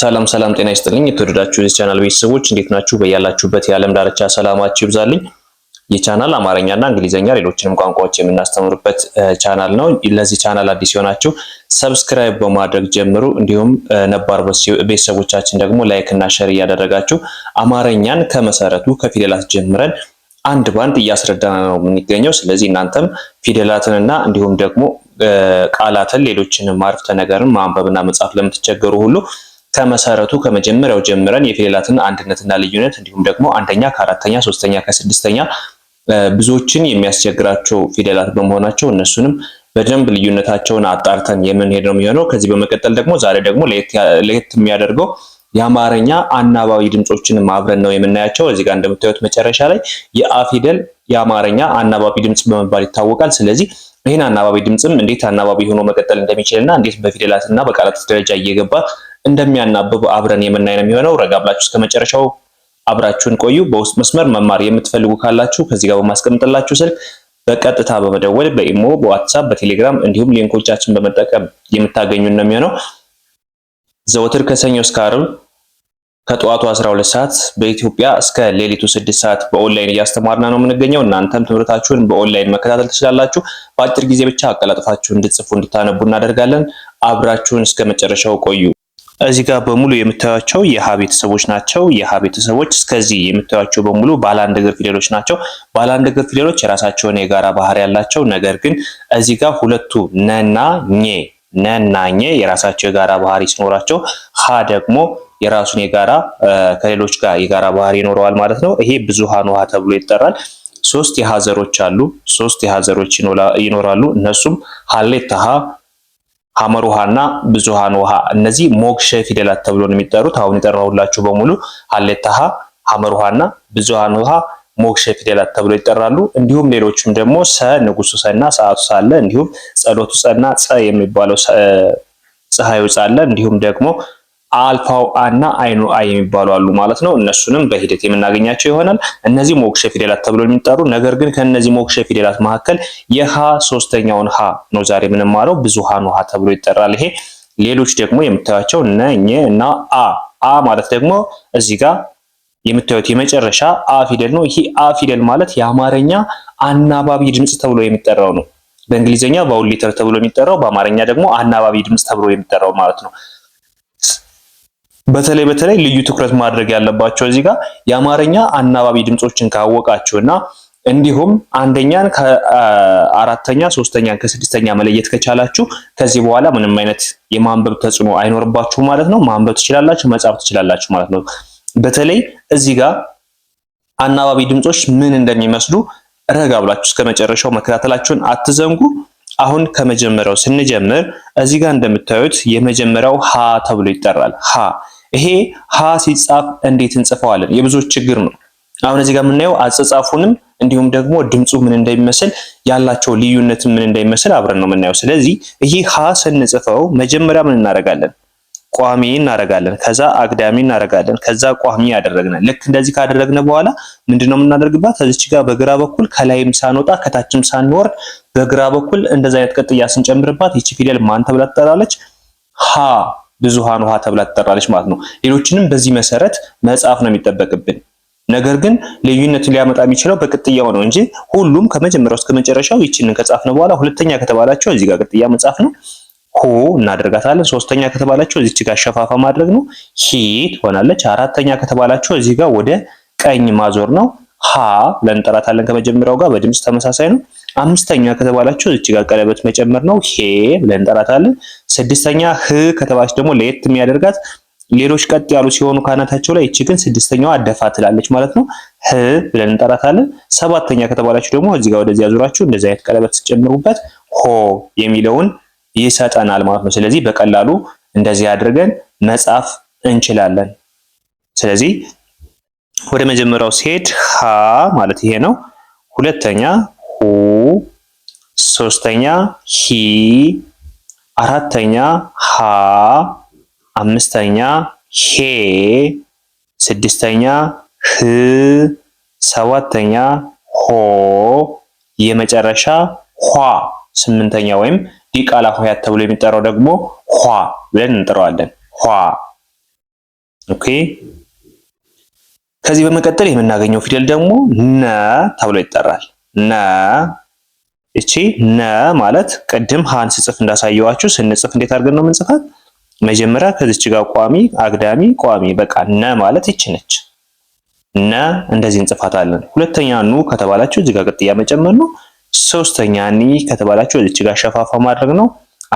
ሰላም ሰላም፣ ጤና ይስጥልኝ የተወደዳችሁ ቻናል ቤተሰቦች እንዴት ናችሁ? በያላችሁበት የዓለም ዳርቻ ሰላማችሁ ይብዛልኝ። የቻናል አማርኛና እንግሊዘኛ ሌሎችንም ቋንቋዎች የምናስተምርበት ቻናል ነው። ለዚህ ቻናል አዲስ የሆናችሁ ሰብስክራይብ በማድረግ ጀምሩ። እንዲሁም ነባር ቤተሰቦቻችን ደግሞ ላይክ እና ሸር እያደረጋችሁ አማርኛን ከመሰረቱ ከፊደላት ጀምረን አንድ ባንድ እያስረዳን ነው የምንገኘው። ስለዚህ እናንተም ፊደላትንና እንዲሁም ደግሞ ቃላትን ሌሎችንም አረፍተ ነገርን ማንበብና መጻፍ ለምትቸገሩ ሁሉ ከመሰረቱ ከመጀመሪያው ጀምረን የፊደላትን አንድነትና ልዩነት እንዲሁም ደግሞ አንደኛ ከአራተኛ ሶስተኛ ከስድስተኛ ብዙዎችን የሚያስቸግራቸው ፊደላት በመሆናቸው እነሱንም በደንብ ልዩነታቸውን አጣርተን የምንሄድ ነው የሚሆነው። ከዚህ በመቀጠል ደግሞ ዛሬ ደግሞ ለየት የሚያደርገው የአማርኛ አናባቢ ድምፆችን አብረን ነው የምናያቸው። እዚህ ጋር እንደምታዩት መጨረሻ ላይ የአ ፊደል የአማርኛ አናባቢ ድምፅ በመባል ይታወቃል። ስለዚህ ይህን አናባቢ ድምፅም እንዴት አናባቢ ሆኖ መቀጠል እንደሚችልና እንዴት በፊደላት እና በቃላት ደረጃ እየገባ እንደሚያናብብ አብረን የምናይ ነው የሚሆነው። ረጋ ብላችሁ እስከ መጨረሻው አብራችሁን ቆዩ። በውስጥ መስመር መማር የምትፈልጉ ካላችሁ ከዚህ ጋር በማስቀምጥላችሁ ስልክ በቀጥታ በመደወል በኢሞ፣ በዋትሳፕ፣ በቴሌግራም እንዲሁም ሊንኮቻችን በመጠቀም የምታገኙ ነው የሚሆነው። ዘወትር ከሰኞ እስከ ዓርብ ከጠዋቱ 12 ሰዓት በኢትዮጵያ እስከ ሌሊቱ 6 ሰዓት በኦንላይን እያስተማርና ነው የምንገኘው። እናንተም ትምህርታችሁን በኦንላይን መከታተል ትችላላችሁ። በአጭር ጊዜ ብቻ አቀላጥፋችሁ እንድትጽፉ እንድታነቡ እናደርጋለን። አብራችሁን እስከ መጨረሻው ቆዩ። እዚህ ጋር በሙሉ የምታዩቸው የሀ ቤተሰቦች ናቸው። የሀ ቤተሰቦች እስከዚህ የምታዩቸው በሙሉ ባላንድ እግር ፊደሎች ናቸው። ባለ እግር ፊደሎች የራሳቸውን የጋራ ባህሪ ያላቸው፣ ነገር ግን እዚህ ጋር ሁለቱ ነና ኘ ነና ኘ የራሳቸው የጋራ ባህሪ ሲኖራቸው ሀ ደግሞ የራሱን የጋራ ከሌሎች ጋር የጋራ ባህሪ ይኖረዋል ማለት ነው። ይሄ ብዙሃን ውሃ ተብሎ ይጠራል። ሶስት የሀዘሮች አሉ። ሶስት የሀዘሮች ይኖራሉ። እነሱም ሀሌታ ሐመር ውሃና ብዙሃን ውሃ። እነዚህ ሞክሸ ፊደላት ተብሎ ነው የሚጠሩት። አሁን የጠራሁላችሁ በሙሉ ሀሌታ ሀ፣ ሐመር ውሃና ብዙሃን ውሃ ሞክሸ ፊደላት ተብሎ ይጠራሉ። እንዲሁም ሌሎችም ደግሞ ሰ ንጉሱ ሰና ሰዓቱ ሳለ እንዲሁም ጸሎቱ ጸና ጸ የሚባለው ፀሐዩ ጻለ እንዲሁም ደግሞ አልፋው አ እና አይኑ አ የሚባሉ አሉ ማለት ነው። እነሱንም በሂደት የምናገኛቸው ይሆናል። እነዚህ ሞክሸ ፊደላት ተብሎ የሚጠሩ ነገር ግን ከነዚህ ሞክሸ ፊደላት መካከል የሃ ሶስተኛውን ሃ ነው ዛሬ የምንማረው። ብዙሃን ሃ ተብሎ ይጠራል። ይሄ ሌሎች ደግሞ የምታዩቸው እነ እና አ አ ማለት ደግሞ እዚህ ጋር የምታዩት የመጨረሻ አ ፊደል ነው። ይህ አ ፊደል ማለት የአማርኛ አናባቢ ድምፅ ተብሎ የሚጠራው ነው። በእንግሊዝኛ ቫውል ሌተር ተብሎ የሚጠራው በአማርኛ ደግሞ አናባቢ ድምፅ ተብሎ የሚጠራው ማለት ነው። በተለይ በተለይ ልዩ ትኩረት ማድረግ ያለባቸው እዚህ ጋር የአማርኛ አናባቢ ድምጾችን ካወቃችሁ እና እንዲሁም አንደኛን ከአራተኛ ሶስተኛን ከስድስተኛ መለየት ከቻላችሁ ከዚህ በኋላ ምንም አይነት የማንበብ ተጽዕኖ አይኖርባችሁ ማለት ነው። ማንበብ ትችላላችሁ፣ መጻፍ ትችላላችሁ ማለት ነው። በተለይ እዚህ ጋር አናባቢ ድምጾች ምን እንደሚመስሉ ረጋ ብላችሁ እስከ መጨረሻው መከታተላችሁን አትዘንጉ። አሁን ከመጀመሪያው ስንጀምር እዚህ ጋር እንደምታዩት የመጀመሪያው ሀ ተብሎ ይጠራል። ሀ ይሄ ሀ ሲጻፍ እንዴት እንጽፈዋለን? የብዙዎች ችግር ነው። አሁን እዚህ ጋር የምናየው አጸጻፉንም እንዲሁም ደግሞ ድምፁ ምን እንደሚመስል ያላቸው ልዩነት ምን እንደሚመስል አብረን ነው የምናየው። ስለዚህ ይሄ ሀ ስንጽፈው መጀመሪያ ምን እናደርጋለን? ቋሚ እናደርጋለን። ከዛ አግዳሚ እናደርጋለን። ከዛ ቋሚ ያደረግነ። ልክ እንደዚህ ካደረግነ በኋላ ምንድነው የምናደርግባት? እዚች ጋር በግራ በኩል ከላይም ሳንወጣ ከታችም ሳንወርድ በግራ በኩል እንደዛ አይነት ቅጥያ ስንጨምርባት ይቺ ፊደል ማን ተብላ ትጠራለች? ሀ ብዙሃን ውሃ ተብላ ትጠራለች ማለት ነው። ሌሎችንም በዚህ መሰረት መጻፍ ነው የሚጠበቅብን። ነገር ግን ልዩነትን ሊያመጣ የሚችለው በቅጥያው ነው እንጂ ሁሉም ከመጀመሪያው እስከ መጨረሻው ይችንን ከጻፍን በኋላ ሁለተኛ ከተባላቸው እዚህ ጋር ቅጥያ መጻፍ ነው፣ ሆ እናደርጋታለን። ሶስተኛ ከተባላቸው እዚች ጋር ሸፋፋ ማድረግ ነው፣ ሂ ትሆናለች። አራተኛ ከተባላቸው እዚህ ጋር ወደ ቀኝ ማዞር ነው። ሀ ለእንጠራታለን ከመጀመሪያው ጋር በድምፅ ተመሳሳይ ነው። አምስተኛ ከተባላችሁ እዚህ ጋር ቀለበት መጨመር ነው፣ ሄ ብለን እንጠራታለን። ስድስተኛ ህ ከተባለች ደግሞ ለየት የሚያደርጋት ሌሎች ቀጥ ያሉ ሲሆኑ ካናታቸው ላይ እቺ ግን ስድስተኛዋ አደፋ ትላለች ማለት ነው። ህ ብለን እንጠራታለን። ሰባተኛ ከተባላችሁ ደግሞ እዚህ ጋር ወደዚህ ያዙራችሁ እንደዚህ አይነት ቀለበት ስጨምሩበት ሆ የሚለውን ይሰጠናል ማለት ነው። ስለዚህ በቀላሉ እንደዚህ አድርገን መጻፍ እንችላለን። ስለዚህ ወደ መጀመሪያው ሲሄድ ሀ ማለት ይሄ ነው። ሁለተኛ ሁ ሶስተኛ ሂ፣ አራተኛ ሃ፣ አምስተኛ ሄ፣ ስድስተኛ ህ፣ ሰባተኛ ሆ፣ የመጨረሻ ኋ ስምንተኛ ወይም ዲቃላ ሆሄያት ተብሎ የሚጠራው ደግሞ ኋ ብለን እንጠራዋለን። ኋ ኦኬ። ከዚህ በመቀጠል የምናገኘው ፊደል ደግሞ ነ ተብሎ ይጠራል። ነ እቺ ነ ማለት ቅድም ሀን ስጽፍ እንዳሳየዋችሁ ስንጽፍ እንዴት አድርገን ነው የምንጽፋት? መጀመሪያ ከዚች ጋር ቋሚ፣ አግዳሚ፣ ቋሚ። በቃ ነ ማለት ይቺ ነች። ነ እንደዚህ እንጽፋታለን። ሁለተኛ ኑ ከተባላችሁ እዚህ ጋር ቅጥያ መጨመር ነው። ሶስተኛ ኒ ከተባላችሁ እዚች ጋር ሸፋፋ ማድረግ ነው።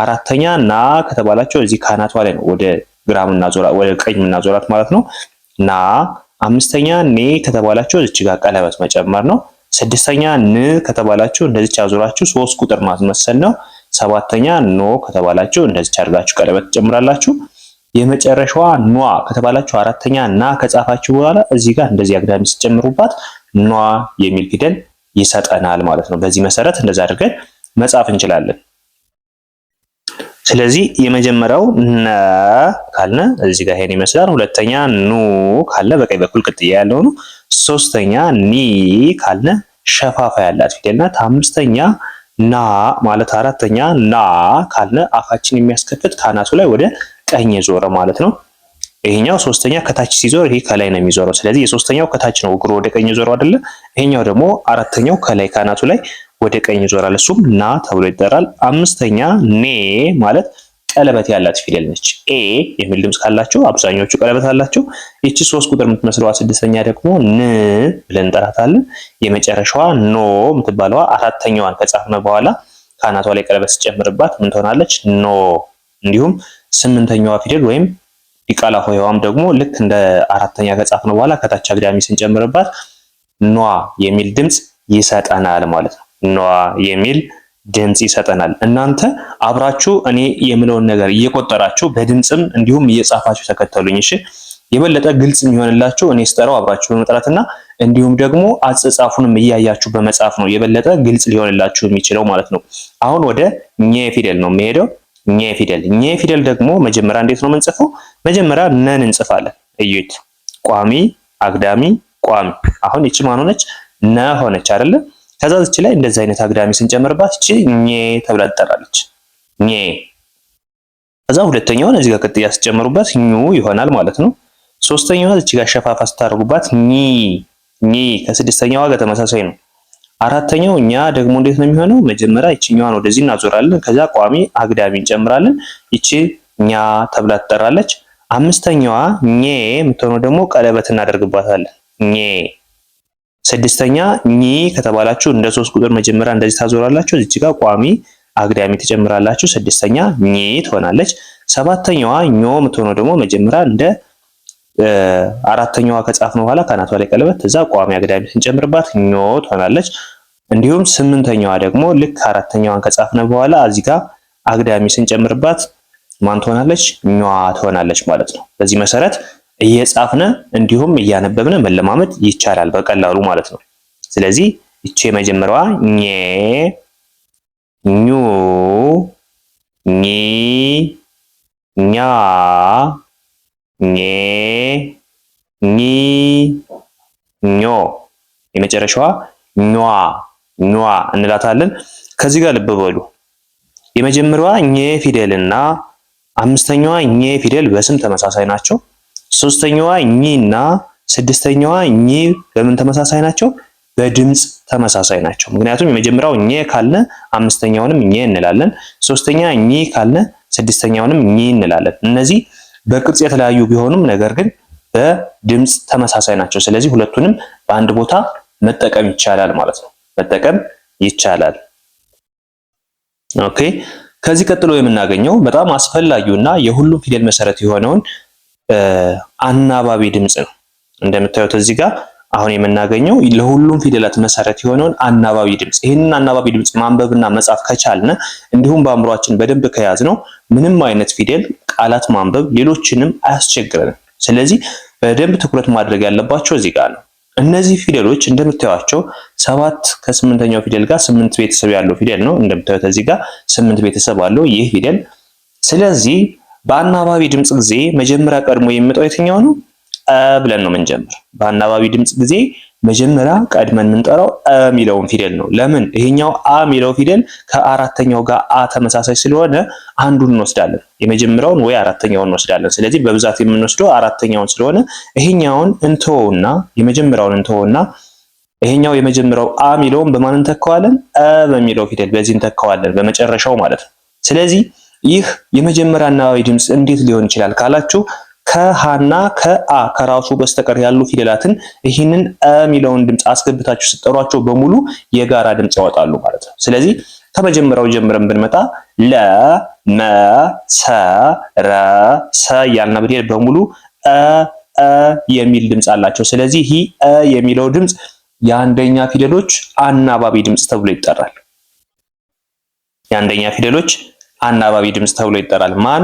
አራተኛ ና ከተባላችሁ እዚህ ካናቷ ላይ ነው ወደ ግራ ምናዞራት ወደ ቀኝ ምናዞራት ማለት ነው። ና አምስተኛ ኔ ከተባላችሁ እዚች ጋር ቀለበት መጨመር ነው። ስድስተኛ ን ከተባላችሁ እንደዚች አዙራችሁ ሶስት ቁጥር ማስመሰል ነው። ሰባተኛ ኖ ከተባላችሁ እንደዚች አድርጋችሁ ቀለበት ትጨምራላችሁ። የመጨረሻዋ ኗ ከተባላችሁ አራተኛ ና ከጻፋችሁ በኋላ እዚህ ጋር እንደዚህ አግዳሚ ስትጨምሩባት ኗ የሚል ፊደል ይሰጠናል ማለት ነው። በዚህ መሰረት እንደዚህ አድርገን መጻፍ እንችላለን። ስለዚህ የመጀመሪያው ነ ካልነ እዚህ ጋር ይሄን ይመስላል። ሁለተኛ ኑ ካልነ በቀኝ በኩል ቅጥያ ያለው ነው። ሶስተኛ ኒ ካልነ ሸፋፋ ያላት ፊደል ናት። አምስተኛ ና ማለት አራተኛ ና ካልነ አፋችን የሚያስከፍት ካናቱ ላይ ወደ ቀኝ ዞረ ማለት ነው። ይሄኛው ሶስተኛ ከታች ሲዞር ይሄ ከላይ ነው የሚዞረው። ስለዚህ የሶስተኛው ከታች ነው እግሩ ወደ ቀኝ ዞረው አይደለ? ይሄኛው ደግሞ አራተኛው ከላይ ካናቱ ላይ ወደ ቀኝ ይዞራል። እሱም ና ተብሎ ይጠራል። አምስተኛ ኔ ማለት ቀለበት ያላት ፊደል ነች። ኤ የሚል ድምፅ ካላቸው አብዛኞቹ ቀለበት አላቸው። ይቺ ሶስት ቁጥር የምትመስለዋ ስድስተኛ ደግሞ ን ብለን እንጠራታለን። የመጨረሻዋ ኖ የምትባለዋ አራተኛዋን ከጻፍነ በኋላ ከአናቷ ላይ ቀለበት ሲጨምርባት ምን ትሆናለች? ኖ። እንዲሁም ስምንተኛዋ ፊደል ወይም ዲቃላ ሆሄዋም ደግሞ ልክ እንደ አራተኛ ከጻፍነ በኋላ ከታች አግዳሚ ስንጨምርባት ኗ የሚል ድምፅ ይሰጠናል ማለት ነው። ነዋ የሚል ድምፅ ይሰጠናል። እናንተ አብራችሁ እኔ የምለውን ነገር እየቆጠራችሁ በድምፅም እንዲሁም እየጻፋችሁ ተከተሉኝ። እሺ የበለጠ ግልጽ የሚሆንላችሁ እኔ ስጠራው አብራችሁ በመጥራትና እንዲሁም ደግሞ አጽጻፉንም እያያችሁ በመጻፍ ነው የበለጠ ግልጽ ሊሆንላችሁ የሚችለው ማለት ነው። አሁን ወደ ኘ ፊደል ነው የሚሄደው። ኘ ፊደል ኘ ፊደል ደግሞ መጀመሪያ እንዴት ነው የምንጽፈው? መጀመሪያ ነን እንጽፋለን። እዩት፣ ቋሚ አግዳሚ፣ ቋሚ። አሁን ይቺ ማን ሆነች? ነ ሆነች አይደለም ከዛ ዝች ላይ እንደዚህ አይነት አግዳሚ ስንጨምርባት እቺ ኘ ተብላ ትጠራለች። ኘ ከዛ ሁለተኛውን እዚህ ጋር ቅጥያ ስጨምሩበት ኙ ይሆናል ማለት ነው። ሶስተኛው እዚህ ጋር ሸፋፋ ስታደርጉባት ኒ ኒ። ከስድስተኛዋ ጋር ተመሳሳይ ነው። አራተኛው እኛ ደግሞ እንዴት ነው የሚሆነው? መጀመሪያ ይችኛዋን ወደዚህ እናዞራለን። ከዛ ቋሚ አግዳሚ እንጨምራለን። ይቺ ኛ ተብላ ትጠራለች። አምስተኛዋ ኘ የምትሆነው ደግሞ ቀለበት እናደርግባታለን። ኘ ስድስተኛ ኝ ከተባላችሁ እንደ ሶስት ቁጥር መጀመሪያ እንደዚህ ታዞራላችሁ። እዚች ጋር ቋሚ አግዳሚ ትጨምራላችሁ። ስድስተኛ ኝ ትሆናለች። ሰባተኛዋ ኞ የምትሆነው ደግሞ መጀመሪያ እንደ አራተኛዋ ነው በኋላ ከናቷ ላይ ቀለበት እዛ ቋሚ አግዳሚ ስንጨምርባት ኞ ትሆናለች። እንዲሁም ስምንተኛዋ ደግሞ ልክ አራተኛዋን ከጻፍነ በኋላ እዚህ ጋር አግዳሚ ስንጨምርባት ማን ትሆናለች? ኟ ትሆናለች ማለት ነው። በዚህ መሰረት እየጻፍነ እንዲሁም እያነበብነ መለማመድ ይቻላል በቀላሉ ማለት ነው። ስለዚህ ይቺ የመጀመሪያዋ ኙ፣ ኚ፣ ኛ፣ ኘ፣ ኚ፣ ኞ፣ የመጨረሻዋ ኟ፣ ኟ እንላታለን። ከዚህ ጋር ልብ በሉ። የመጀመሪያዋ ፊደል ፊደልና አምስተኛዋ ኘ ፊደል በስም ተመሳሳይ ናቸው። ሶስተኛዋ ኝ እና ስድስተኛዋ ኝ በምን ተመሳሳይ ናቸው? በድምፅ ተመሳሳይ ናቸው። ምክንያቱም የመጀመሪያው ኘ ካልነ አምስተኛውንም ኘ እንላለን። ሶስተኛ ኝ ካልነ ስድስተኛውንም ኝ እንላለን። እነዚህ በቅርጽ የተለያዩ ቢሆኑም ነገር ግን በድምፅ ተመሳሳይ ናቸው። ስለዚህ ሁለቱንም በአንድ ቦታ መጠቀም ይቻላል ማለት ነው። መጠቀም ይቻላል። ኦኬ። ከዚህ ቀጥሎ የምናገኘው በጣም አስፈላጊው እና የሁሉም ፊደል መሰረት የሆነውን አናባቢ ድምፅ ነው። እንደምታዩት እዚህ ጋር አሁን የምናገኘው ለሁሉም ፊደላት መሰረት የሆነውን አናባቢ ድምፅ። ይህንን አናባቢ ድምፅ ማንበብና መጻፍ ከቻልነ እንዲሁም በአእምሯችን በደንብ ከያዝ ነው ምንም አይነት ፊደል ቃላት ማንበብ ሌሎችንም አያስቸግረንም። ስለዚህ በደንብ ትኩረት ማድረግ ያለባቸው እዚህ ጋር ነው። እነዚህ ፊደሎች እንደምታዩቸው ሰባት ከስምንተኛው ፊደል ጋር ስምንት ቤተሰብ ያለው ፊደል ነው። እንደምታዩት እዚህ ጋር ስምንት ቤተሰብ አለው ይህ ፊደል ስለዚህ በአናባቢ ድምፅ ጊዜ መጀመሪያ ቀድሞ የሚመጣው የትኛው ነው? እ ብለን ነው የምንጀምር። በአናባቢ ድምፅ ጊዜ መጀመሪያ ቀድመን የምንጠራው እ ሚለውን ፊደል ነው። ለምን? ይሄኛው አ ሚለው ፊደል ከአራተኛው ጋር አ ተመሳሳይ ስለሆነ አንዱን እንወስዳለን፣ የመጀመሪያውን ወይ አራተኛውን እንወስዳለን። ስለዚህ በብዛት የምንወስደው አራተኛውን ስለሆነ ይሄኛውን እንተወውና የመጀመሪያውን እንተወውና ይሄኛው የመጀመሪያው አ የሚለውን በማን እንተካዋለን? እ በሚለው ፊደል በዚህ እንተካዋለን፣ በመጨረሻው ማለት ነው። ስለዚህ ይህ የመጀመሪያ ንባባዊ ድምፅ እንዴት ሊሆን ይችላል ካላችሁ ከሃና ከአ ከራሱ በስተቀር ያሉ ፊደላትን ይህንን አ የሚለውን ድምፅ አስገብታችሁ ስጠሯቸው በሙሉ የጋራ ድምፅ ያወጣሉ ማለት ነው። ስለዚህ ከመጀመሪያው ጀምረን ብንመጣ ለ መ ሰ ረ ሰ ያልና ብንሄድ በሙሉ አ አ የሚል ድምፅ አላቸው። ስለዚህ ይህ አ የሚለው ድምፅ የአንደኛ ፊደሎች አናባቢ ድምፅ ተብሎ ይጠራል። የአንደኛ ፊደሎች አናባቢ ድምፅ ተብሎ ይጠራል። ማን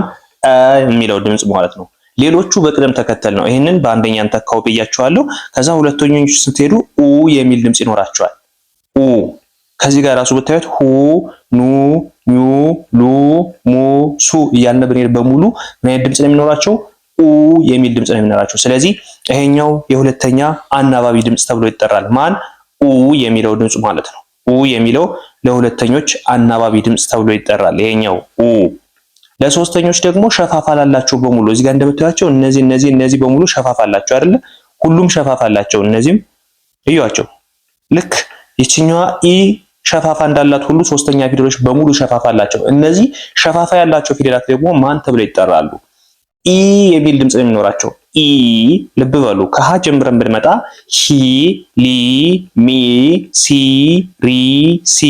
የሚለው ድምፅ ማለት ነው። ሌሎቹ በቅደም ተከተል ነው። ይህንን በአንደኛ እንተካው ብያቸዋለሁ። ከዛ ሁለተኞቹ ስትሄዱ ኡ የሚል ድምፅ ይኖራቸዋል። ኡ ከዚህ ጋር ራሱ ብታዩት ሁ፣ ኑ፣ ኙ፣ ሉ፣ ሙ፣ ሱ እያልን ብንሄድ በሙሉ ምን አይነት ድምፅ ነው የሚኖራቸው? ኡ የሚል ድምፅ ነው የሚኖራቸው። ስለዚህ ይሄኛው የሁለተኛ አናባቢ ድምፅ ተብሎ ይጠራል። ማን ኡ የሚለው ድምፅ ማለት ነው። ኡ የሚለው ለሁለተኞች አናባቢ ድምፅ ተብሎ ይጠራል። ይሄኛው ኡ። ለሶስተኞች ደግሞ ሸፋፋ ላላቸው በሙሉ እዚህ ጋር እንደምታዩቸው እነዚህ እነዚህ እነዚህ በሙሉ ሸፋፍ አላቸው አይደለ? ሁሉም ሸፋፍ አላቸው። እነዚህም እዩዋቸው። ልክ ይችኛዋ ኢ ሸፋፋ እንዳላት ሁሉ ሶስተኛ ፊደሎች በሙሉ ሸፋፋ አላቸው። እነዚህ ሸፋፋ ያላቸው ፊደላት ደግሞ ማን ተብለው ይጠራሉ? ኢ የሚል ድምፅ ነው የሚኖራቸው። ኢ ልብ በሉ ከሀ ጀምረን ብንመጣ ሂ ሊ ሚ ሲ ሪ ሲ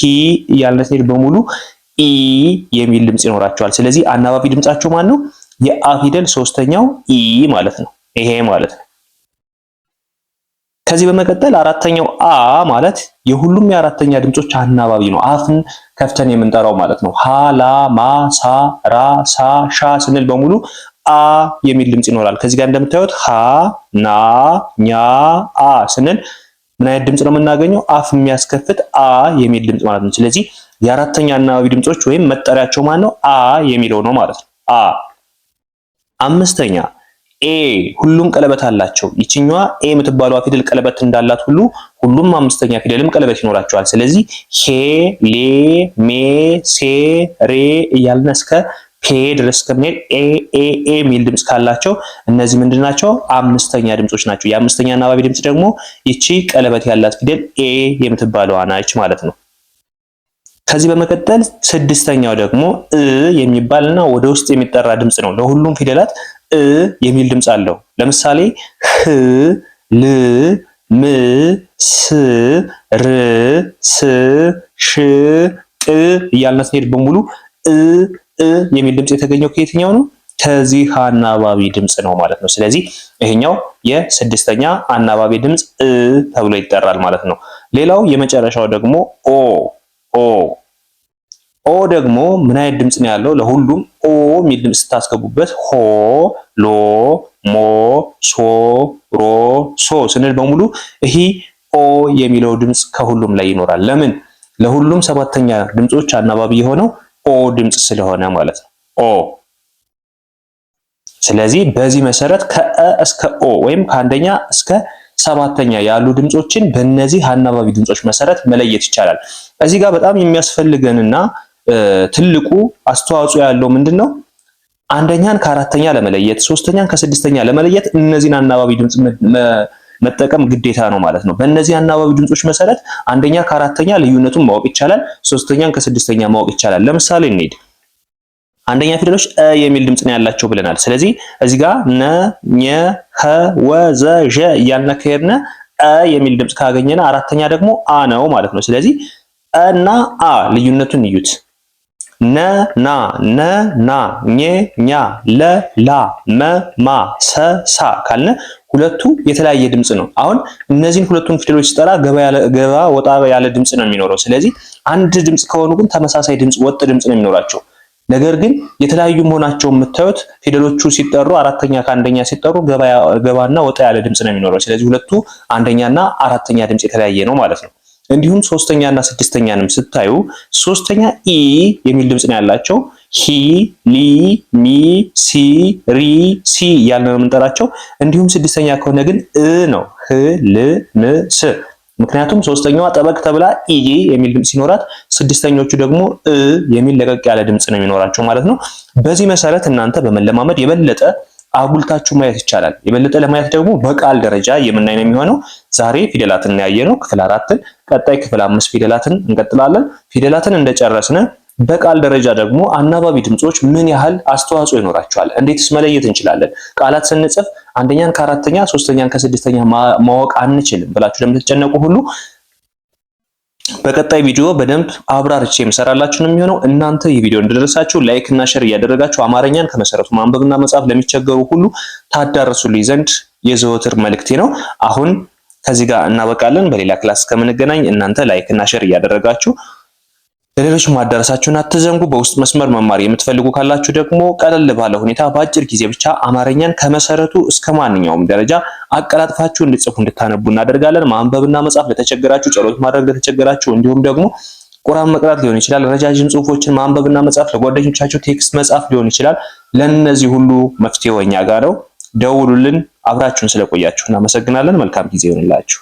ሂ እያልን ስንሄድ በሙሉ ኢ የሚል ድምፅ ይኖራቸዋል። ስለዚህ አናባቢ ድምጻቸው ማን ነው? የአ ፊደል ሶስተኛው ኢ ማለት ነው። ይሄ ማለት ነው። ከዚህ በመቀጠል አራተኛው አ ማለት የሁሉም የአራተኛ ድምጾች አናባቢ ነው። አፍን ከፍተን የምንጠራው ማለት ነው። ሃ ላ፣ ማ፣ ሳ፣ ራ፣ ሳ፣ ሻ ስንል በሙሉ አ የሚል ድምጽ ይኖራል። ከዚህ ጋር እንደምታዩት ሀ ና ኛ አ ስንል ምን አይነት ድምጽ ነው የምናገኘው? አፍ የሚያስከፍት አ የሚል ድምጽ ማለት ነው። ስለዚህ የአራተኛ አናባቢ ድምጾች ወይም መጠሪያቸው ማን ነው? አ የሚለው ነው ማለት ነው። አ አምስተኛ ኤ ሁሉም ቀለበት አላቸው። ይችኛዋ ኤ የምትባለዋ ፊደል ቀለበት እንዳላት ሁሉ ሁሉም አምስተኛ ፊደልም ቀለበት ይኖራቸዋል። ስለዚህ ሄ፣ ሌ፣ ሜ፣ ሴ፣ ሬ እያልን እስከ ኬ ድረስ እስከምንሄድ ኤ ኤ ኤ የሚል ድምፅ ካላቸው እነዚህ ምንድን ናቸው? አምስተኛ ድምጾች ናቸው። የአምስተኛ አናባቢ ድምፅ ደግሞ ይቺ ቀለበት ያላት ፊደል ኤ የምትባለዋ ናች ማለት ነው። ከዚህ በመቀጠል ስድስተኛው ደግሞ እ የሚባልና ወደ ውስጥ የሚጠራ ድምፅ ነው። ለሁሉም ፊደላት እ የሚል ድምፅ አለው። ለምሳሌ ህ፣ ል፣ ም፣ ስ፣ ር፣ ስ፣ ሽ፣ ቅ እያልን ስንሄድ በሙሉ እ እ የሚል ድምፅ የተገኘው ከየትኛው ነው? ከዚህ አናባቢ ድምጽ ነው ማለት ነው። ስለዚህ ይሄኛው የስድስተኛ አናባቢ ድምፅ እ ተብሎ ይጠራል ማለት ነው። ሌላው የመጨረሻው ደግሞ ኦ ኦ ኦ ደግሞ ምን አይነት ድምፅ ነው ያለው? ለሁሉም ኦ የሚል ድምጽ ስታስገቡበት ሆ፣ ሎ፣ ሞ፣ ሶ፣ ሮ፣ ሶ ስንል በሙሉ ይህ ኦ የሚለው ድምጽ ከሁሉም ላይ ይኖራል። ለምን? ለሁሉም ሰባተኛ ድምጾች አናባቢ የሆነው ኦ ድምፅ ስለሆነ ማለት ነው። ኦ ስለዚህ በዚህ መሰረት ከ እስከ ኦ ወይም ከአንደኛ እስከ ሰባተኛ ያሉ ድምጾችን በእነዚህ አናባቢ ድምጾች መሰረት መለየት ይቻላል። እዚህ ጋር በጣም የሚያስፈልገንና ትልቁ አስተዋጽኦ ያለው ምንድን ነው? አንደኛን ከአራተኛ ለመለየት፣ ሶስተኛን ከስድስተኛ ለመለየት እነዚህን አናባቢ ድምጽ መጠቀም ግዴታ ነው ማለት ነው። በእነዚህ አናባቢ ድምጾች መሰረት አንደኛ ከአራተኛ ልዩነቱን ማወቅ ይቻላል። ሶስተኛን ከስድስተኛ ማወቅ ይቻላል። ለምሳሌ እንሂድ። አንደኛ ፊደሎች እ የሚል ድምጽ ነው ያላቸው ብለናል። ስለዚህ እዚህ ጋር ነ፣ ኘ፣ ኸ፣ ወ፣ ዘ፣ ዠ እያልን ከሄድን እ የሚል ድምጽ ካገኘን አራተኛ ደግሞ አ ነው ማለት ነው። ስለዚህ እና አ ልዩነቱን እዩት። ነ ና ነ ና ኘ ኛ ለ ላ መ ማ ሰ ሳ ካልነ ሁለቱ የተለያየ ድምፅ ነው። አሁን እነዚህን ሁለቱን ፊደሎች ስጠራ ገባ ወጣ ያለ ድምፅ ነው የሚኖረው። ስለዚህ አንድ ድምፅ ከሆኑ ግን ተመሳሳይ ድምጽ ወጥ ድምፅ ነው የሚኖራቸው። ነገር ግን የተለያዩ መሆናቸው የምታዩት ፊደሎቹ ሲጠሩ አራተኛ ከአንደኛ ሲጠሩ ገባና ወጣ ያለ ድምጽ ነው የሚኖረው። ስለዚህ ሁለቱ አንደኛና አራተኛ ድምፅ የተለያየ ነው ማለት ነው። እንዲሁም ሶስተኛና ስድስተኛንም ስታዩ ሶስተኛ ኢ የሚል ድምፅ ነው ያላቸው ሂ፣ ሊ፣ ሚ፣ ሲ፣ ሪ፣ ሲ እያልን ነው የምንጠራቸው። እንዲሁም ስድስተኛ ከሆነ ግን እ ነው። ህ፣ ል፣ ም፣ ስ። ምክንያቱም ሶስተኛዋ ጠበቅ ተብላ ኢ የሚል ድምፅ ሲኖራት፣ ስድስተኞቹ ደግሞ እ የሚል ለቀቅ ያለ ድምፅ ነው የሚኖራቸው ማለት ነው። በዚህ መሰረት እናንተ በመለማመድ የበለጠ አጉልታችሁ ማየት ይቻላል። የበለጠ ለማየት ደግሞ በቃል ደረጃ የምናይ ነው የሚሆነው። ዛሬ ፊደላትን ያየ ነው ክፍል አራትን። ቀጣይ ክፍል አምስት ፊደላትን እንቀጥላለን። ፊደላትን እንደጨረስነ። በቃል ደረጃ ደግሞ አናባቢ ድምጾች ምን ያህል አስተዋጽኦ ይኖራቸዋል? እንዴትስ መለየት እንችላለን? ቃላት ስንጽፍ አንደኛን ከአራተኛ ሶስተኛን ከስድስተኛ ማወቅ አንችልም ብላችሁ ለምትጨነቁ ሁሉ በቀጣይ ቪዲዮ በደንብ አብራርቼ የምሰራላችሁ ነው የሚሆነው። እናንተ ይህ ቪዲዮ እንደደረሳችሁ ላይክ እና ሼር እያደረጋችሁ አማርኛን ከመሰረቱ ማንበብና መጻፍ ለሚቸገሩ ሁሉ ታዳርሱልኝ ዘንድ የዘወትር መልእክቴ ነው። አሁን ከዚህ ጋር እናበቃለን። በሌላ ክላስ ከምንገናኝ እናንተ ላይክ እና ሼር እያደረጋችሁ ለሌሎች ማዳረሳችሁን አትዘንጉ። በውስጥ መስመር መማር የምትፈልጉ ካላችሁ ደግሞ ቀለል ባለ ሁኔታ በአጭር ጊዜ ብቻ አማርኛን ከመሰረቱ እስከ ማንኛውም ደረጃ አቀላጥፋችሁ እንድጽፉ እንድታነቡ እናደርጋለን። ማንበብና መጻፍ ለተቸገራችሁ፣ ጸሎት ማድረግ ለተቸገራችሁ፣ እንዲሁም ደግሞ ቁራን መቅራት ሊሆን ይችላል። ረጃጅም ጽሁፎችን ማንበብና መጻፍ ለጓደኞቻችሁ ቴክስት መጻፍ ሊሆን ይችላል። ለነዚህ ሁሉ መፍትሄው እኛ ጋር ነው። ደውሉልን። አብራችሁን ስለቆያችሁ እናመሰግናለን። መልካም ጊዜ ይሁንላችሁ።